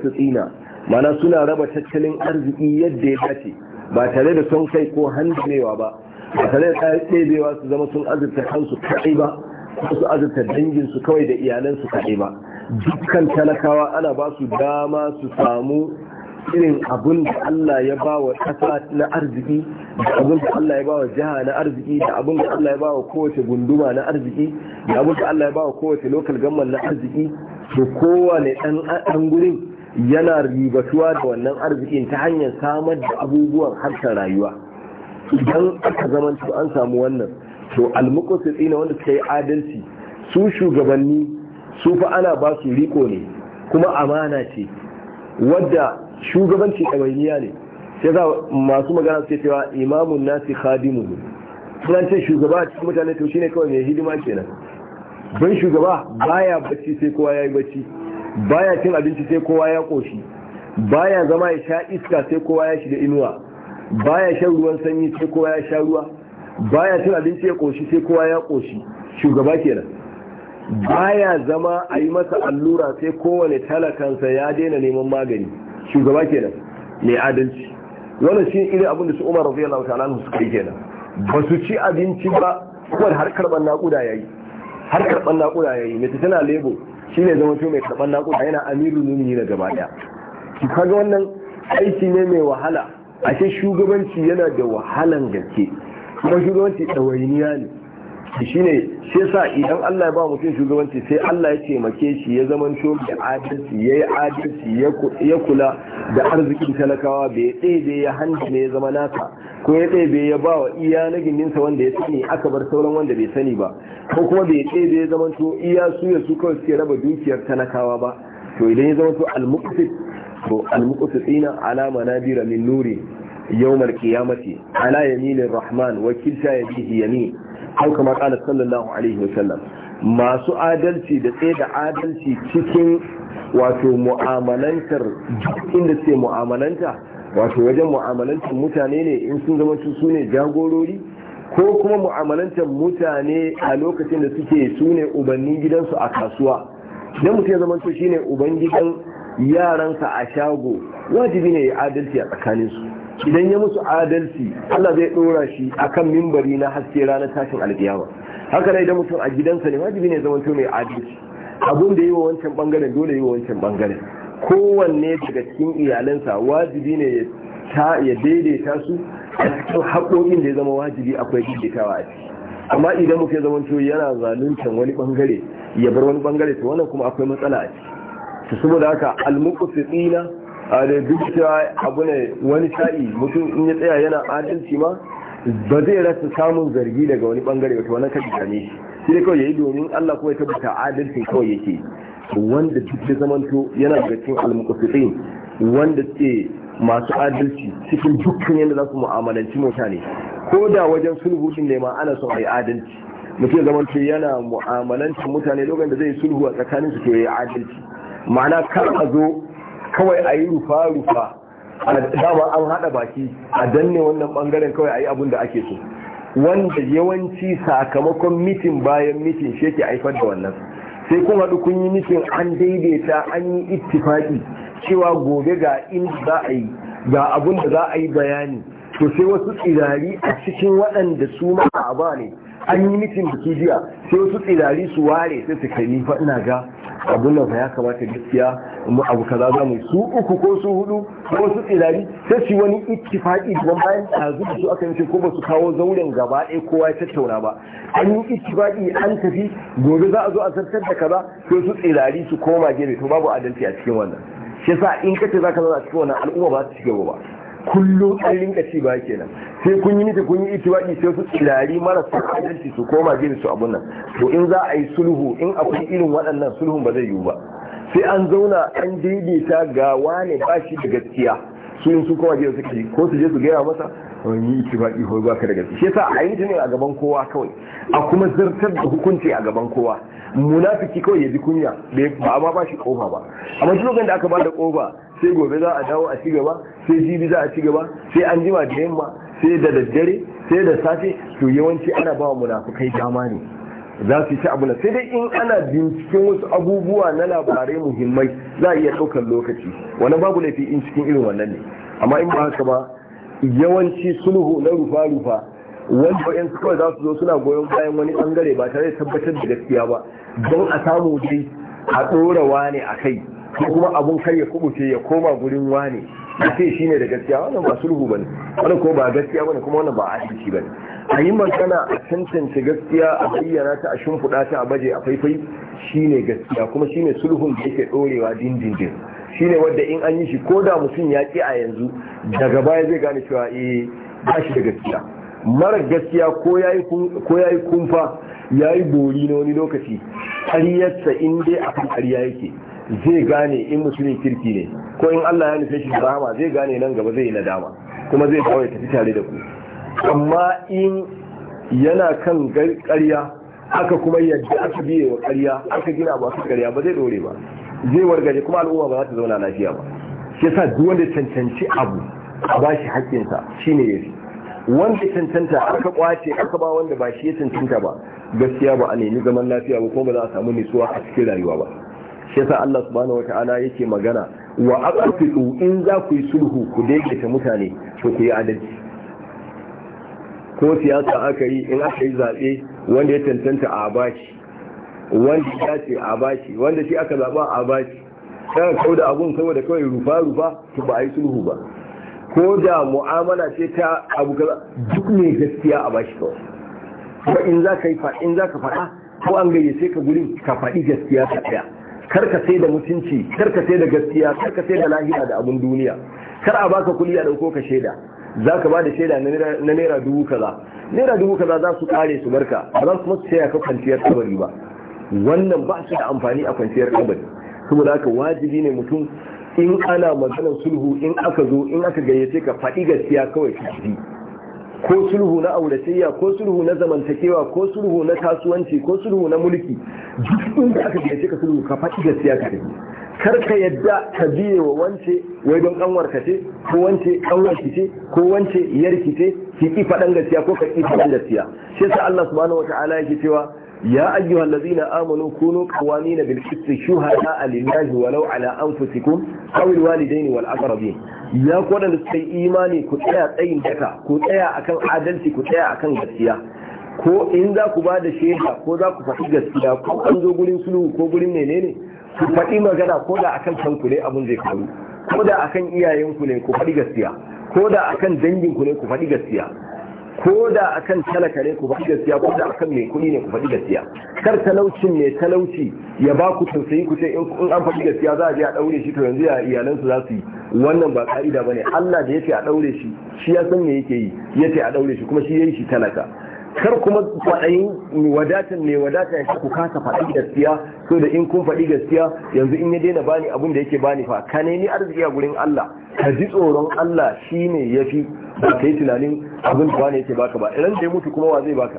tsina, mana suna raba tattalin arziki yadda ya dace ba tare da sun kai ko handamewa ba ba tare da ɗebewa su zama sun azurta kansu kaɗai ba ko su azurta danginsu kawai da iyalansu kaɗai ba dukkan talakawa ana ba su dama su samu irin abun da Allah ya ba wa ƙasa na arziki da abun da Allah ya ba wa jiha na arziki da abun da Allah ya ba wa kowace gunduma na arziki da abun da Allah ya ba wa kowace lokal gamman na arziki to kowane ɗan gurin yana ribatuwa da wannan arzikin ta hanyar samar da abubuwan harshen rayuwa idan aka zamanto an samu wannan to almuqtasidi na wanda suka yi adalci su shugabanni su fa ana ba riko ne kuma amana ce wadda shugabanci ɗawainiya ne sai za masu magana suke cewa imamun nasi khadimu ne sunan ce shugaba a cikin mutane to shine kawai mai hidima kenan Ban shugaba baya bacci sai kowa ya yi bacci baya cin abinci sai kowa ya koshi baya zama ya sha iska sai kowa ya shiga inuwa baya shan ruwan sanyi sai kowa ya sha ruwa baya cin abinci ya koshi sai kowa ya koshi shugaba kenan baya zama a yi masa allura sai kowane talakansa ya daina neman magani shugaba kenan mai adalci wannan shi irin abin da su umar radiyallahu wata alamun suka yi kenan ba su ci abinci ba kuma har karban nakuda yi. har karban nakuda yi. mai tana lebo shine zama mai karban nakuda yana nuni na gaba daya ki kaga wannan aiki ne mai wahala ashe shugabanci yana da wahalan gaske kuma shugabanci ɗawainiya ne ne shi sa idan Allah ya ba mutum shugabanci sai Allah ya taimake shi ya zaman to mai adalci ya yi adalci ya kula da arzikin talakawa bai ɗebe ya hanci ne ya zama nasa ko ya ɗebe ya ba wa iya na gindinsa wanda ya sani aka bar sauran wanda bai sani ba ko kuma bai ɗebe ya zaman to iya su ya su kawai suke raba dukiyar talakawa ba to idan ya zama to almuqsit to almuqsitina ala manabira min nuri yawmal qiyamati ala yaminir rahman wa kilta yadihi yamin hau kama kala sallallahu alaihi wasallam masu adalci da tsaye da adalci cikin wato mu'amalantar inda suke mu'amalanta wato wajen mu'amalantar mutane ne in sun zama su ne jagorori ko kuma mu'amalantar mutane a lokacin da suke su ne ubannin gidansu a kasuwa idan mutum ya zama su shine uban gidan yaransa a shago wajibi ne ya adalci a tsakaninsu idan ya musu adalci Allah zai dora shi akan mimbari na haske ranar tashin alkiyama haka ne idan mutum a gidansa ne wajibi ne zama mai adalci Abunda da yi wa wancan bangaren dole yi wa wancan bangaren kowanne daga cikin iyalansa wajibi ne ya daidaita su a cikin haƙoƙin da ya zama wajibi akwai daidaitawa a ciki amma idan muke ya to yana zaluntan wani bangare ya bar wani bangare to wannan kuma akwai matsala a ciki saboda haka almuqsitina a da duk abu ne wani sa'i mutum in ya tsaya yana adalci ma ba zai rasa samun zargi daga wani bangare wata wani kaji dame shi sai kawai ya yi domin allah kuma ya tabbata adalcin kawai yake wanda duk da zamanto yana daga cin almuqsitin wanda suke masu adalci cikin dukkan yadda za su mu'amalanci mutane ko da wajen sulhu din ne ma ana son ai adalci mutum ya zamanto yana mu'amalanci mutane lokacin da zai sulhu a tsakanin su ya yi adalci ma'ana kar a zo kawai a yi rufa rufa dama an haɗa baki a danne wannan bangaren kawai a yi abin da ake so wanda yawanci sakamakon mitin bayan mitin shi ke haifar da wannan sai kun haɗu kun yi mitin an daidaita an yi ittifaki cewa gobe ga inda za a yi ga abin da za a yi bayani to sai wasu tsirari a cikin waɗanda su ma a ba ne an yi mitin da jiya sai wasu tsirari su ware sai su kai ni ina ga abun nan ya kamata gaskiya mu abu kaza za mu su uku ko su hudu ko su tsirari sai su wani ittifaqi don bayan ta da su aka yi ko ba su kawo zauren gaba ɗaya kowa ya tattauna ba an yi ittifaqi an tafi gobe za a zo a zartar da kaza sai su tsirari su koma gere. to babu adalci a cikin wannan shi yasa in kace za ka zauna a cikin wannan al'umma ba su ta ci gaba ba kullum an ba ci ba kenan sai kun yi nufi kun yi itiwaki sai su tsirari marasa adalci su koma gini su abun nan to in za a yi sulhu in akwai irin waɗannan sulhun ba zai yiwu ba sai an zauna an daidaita ga wane ba shi da gaskiya su yin su koma gini suka yi ko su je su gaya masa wani yi itiwaki ko ba ka da gaskiya shi yasa a yi ne a gaban kowa kawai a kuma zartar da hukunci a gaban kowa munafiki kawai ya ji kunya ba ma ba shi kofa ba amma duk lokacin da aka ba da kofa sai gobe za a dawo a ci gaba sai jibi za a ci gaba sai an jima da yamma sai da daddare sai da safe to yawanci ana ba munafukai dama ne za su ci abu na sai dai in ana binciken wasu abubuwa na labarai muhimmai za a iya ɗaukar lokaci wani babu laifi in cikin irin wannan ne amma in ba haka ba yawanci sulhu na rufa-rufa wanda yan kawai za su zo suna goyon bayan wani bangare ba tare da tabbatar da gaskiya ba don a samu dai a ɗorawa ne a kai ko kuma abun kai ya kubuce ya koma gurin wani. a ce shi ne da gaskiya wannan ba sulhu bane wannan ko ba gaskiya ne kuma wannan ba a ba bane a yi magana a tantance gaskiya a bayyana ta a shimfiɗa ta a baje a faifai shi ne gaskiya kuma shi ne sulhun da yake ɗorewa dindindin Shi ne wadda in an yi shi ko da mutum ya ki a yanzu daga baya zai gane cewa e, ba shi da gaskiya mara gaskiya ko ya yi kumfa ya yi bori na wani lokaci ƙaryarsa in dai akan ƙarya yake zai gane in musulmi kirki ne ko in Allah ya nufe shi da rahama zai gane nan gaba zai yi nadama kuma zai kawai tafi tare da ku amma in yana kan ƙarya aka kuma yadda aka biye wa ƙarya aka gina ba su ƙarya ba zai dore ba zai wargaje kuma al'umma ba za ta zauna lafiya ba shi yasa duk wanda cancanci abu a ba shi haƙƙinsa shine yafi wanda cancanta aka kwace aka ba wanda ba shi ya cancanta ba gaskiya ba a nemi zaman lafiya ba kuma ba za a samu nutsuwa a cikin rayuwa ba shi yasa Allah subhanahu ta'ala yake magana wa aqtu in za ku yi sulhu ku daidaita mutane to ku yi adalci ko siyasa aka yi in aka yi zaɓe wanda ya tantanta a bashi wanda ya ce a bashi wanda shi aka zaɓa a bashi kan kau da abun saboda kawai rufa rufa to ba a yi sulhu ba ko da mu'amala ce ta abu kaza duk ne gaskiya a bashi kawai ko in za ka yi in za ka faɗa ko an gayyace ka gurin ka faɗi gaskiya ka tsaya karka sai da mutunci karka sai da gaskiya karka sai da lahira da abun duniya kar a baka kuli a ɗauko ka shaida za ka ba da shaida na naira dubu kaza naira dubu kaza za su kare su barka ba za su masu sai ka kwanciyar kabari ba wannan ba su da amfani a kwanciyar kabari saboda haka wajibi ne mutum in ana maganar sulhu in aka zo in aka gayyace ka faɗi gaskiya kawai ka ji ko sulhu na auratayya ko sulhu na zamantakewa ko sulhu na kasuwanci ko sulhu na mulki duk inda aka gaje ka sulhu ka faɗi gaskiya ka tafi kar ka yadda ka biye wa wance wai don kanwar ce ko wance kanwar ce ko wance yarki ce ki ki faɗan gaskiya ko ka ki faɗan gaskiya Sai sa Allah subhanahu wata'ala yake cewa ya ayyuhal ladina amanu kunu qawamin bil qist shuhada lillahi walau ala anfusikum aw al walidaini wal aqrabin ya ku suka imani ku tsaya tsayin daka ku tsaya akan adalci ku tsaya akan gaskiya ko in za ku ba da shaida ko za ku fadi gaskiya ko an zo gurin sulhu ko gurin menene ku faɗi magana ko da akan kanku ne abin zai faru ko da akan iyayenku ne ku faɗi gaskiya ko da akan danginku ne ku faɗi gaskiya ko da akan talaka ne ku faɗi gaskiya ko da akan mai kuɗi ne ku faɗi gaskiya kar talaucin mai talauci ya ba ku tausayi ku ce in an faɗi gaskiya za a je a ɗaure shi to yanzu ya iyalansu za su yi wannan ba ka'ida ba ne Allah da ya ce a ɗaure shi shi ya san me yake yi ya ce a ɗaure shi kuma shi ya yi shi talaka kar kuma kwaɗayin wadatan mai wadata ya ku kasa faɗi gaskiya so da in kun faɗi gaskiya yanzu in ya daina bani abin da yake bani fa ka nemi arziki a gurin Allah ka ji tsoron Allah shine yafi ba ka yi tunanin abin da bani yake baka ba idan da ya mutu kuma wa zai baka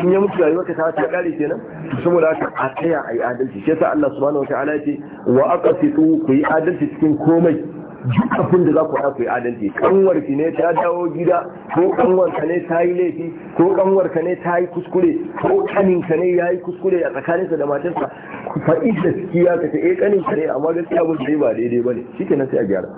in ya mutu rayuwarka ta ta kare kenan saboda haka a tsaya a adalci shi yasa Allah subhanahu wa ta'ala ya ce wa aqsitu ku yi adalci cikin komai duk abin da za ku haka yi adalci kanwar ki ne ta dawo gida ko kanwar ka ne ta yi laifi ko kanwar ka ne ta yi kuskure ko kanin ka ne ya yi kuskure a tsakaninsa da matarsa ku faɗi suke ka ta eh kanin ka ne amma gaskiya ba yi ba daidai ba ne shi kenan sai a gyara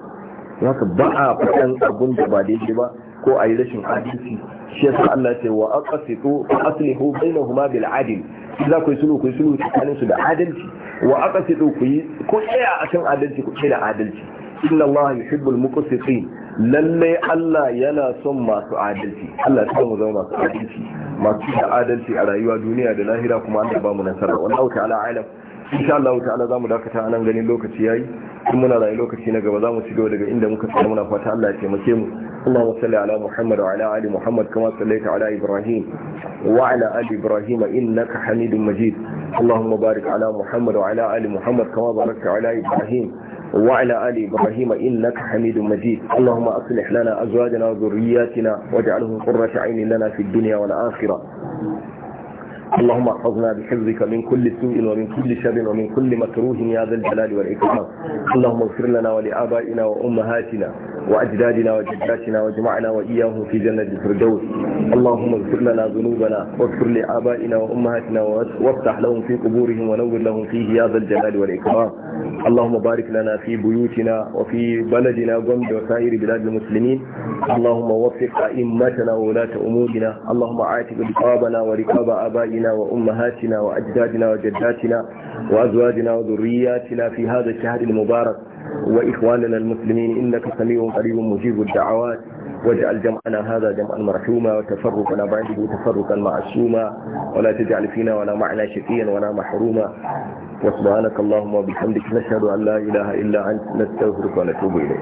ka ba a faɗan abin da ba daidai ba ko a yi rashin adalci shi yasa Allah ce wa aqsitu fa aslihu bainahuma bil adl za ku yi sulhu ku yi sulhu tsakaninsu da adalci wa aqsitu ku yi ko tsaya cikin adalci ku tsaya da adalci inna Allah yuhibbul muqsitin lalle Allah yana son masu adalci Allah ya mu zama masu adalci masu da adalci a rayuwa duniya da lahira kuma Allah ba mu nasara wallahu ta'ala alam insha Allah ta'ala zamu dakata anan ganin lokaci yayi kuma muna rayu lokaci na gaba zamu shiga daga inda muka tsaya muna fata Allah ya taimake mu Allahumma salli ala Muhammad wa ala ali Muhammad kama sallaita ala Ibrahim wa ala ali Ibrahim innaka Hamidum Majid Allahumma barik ala Muhammad wa ali Muhammad kama ala Ibrahim وعلى آل إبراهيم إنك حميد مجيد اللهم أصلح لنا أزواجنا وذرياتنا واجعله قرة عين لنا في الدنيا والآخرة اللهم احفظنا بحفظك من كل سوء ومن كل شر ومن كل مكروه يا ذا الجلال والإكرام اللهم اغفر لنا ولآبائنا وأمهاتنا وأجدادنا وجداتنا واجمعنا وإياهم في جنة الفردوس اللهم اغفر لنا ذنوبنا واغفر لآبائنا وأمهاتنا وافتح لهم في قبورهم ونور لهم فيه يا ذا الجلال والإكرام اللهم بارك لنا في بيوتنا وفي بلدنا غمد وسائر بلاد المسلمين اللهم وفق أئمتنا وولاة أمورنا اللهم عاتق رقابنا ورقاب آبائنا وأمهاتنا وأجدادنا وجداتنا وأزواجنا وذرياتنا في هذا الشهر المبارك وإخواننا المسلمين إنك سميع قريب مجيب الدعوات واجعل جمعنا هذا جمعا مرحوما وتفرقنا بعده تفرقا معصوما ولا تجعل فينا ولا معنا شقيا ولا محروما وسبحانك اللهم وبحمدك نشهد أن لا إله إلا أنت نستغفرك ونتوب إليك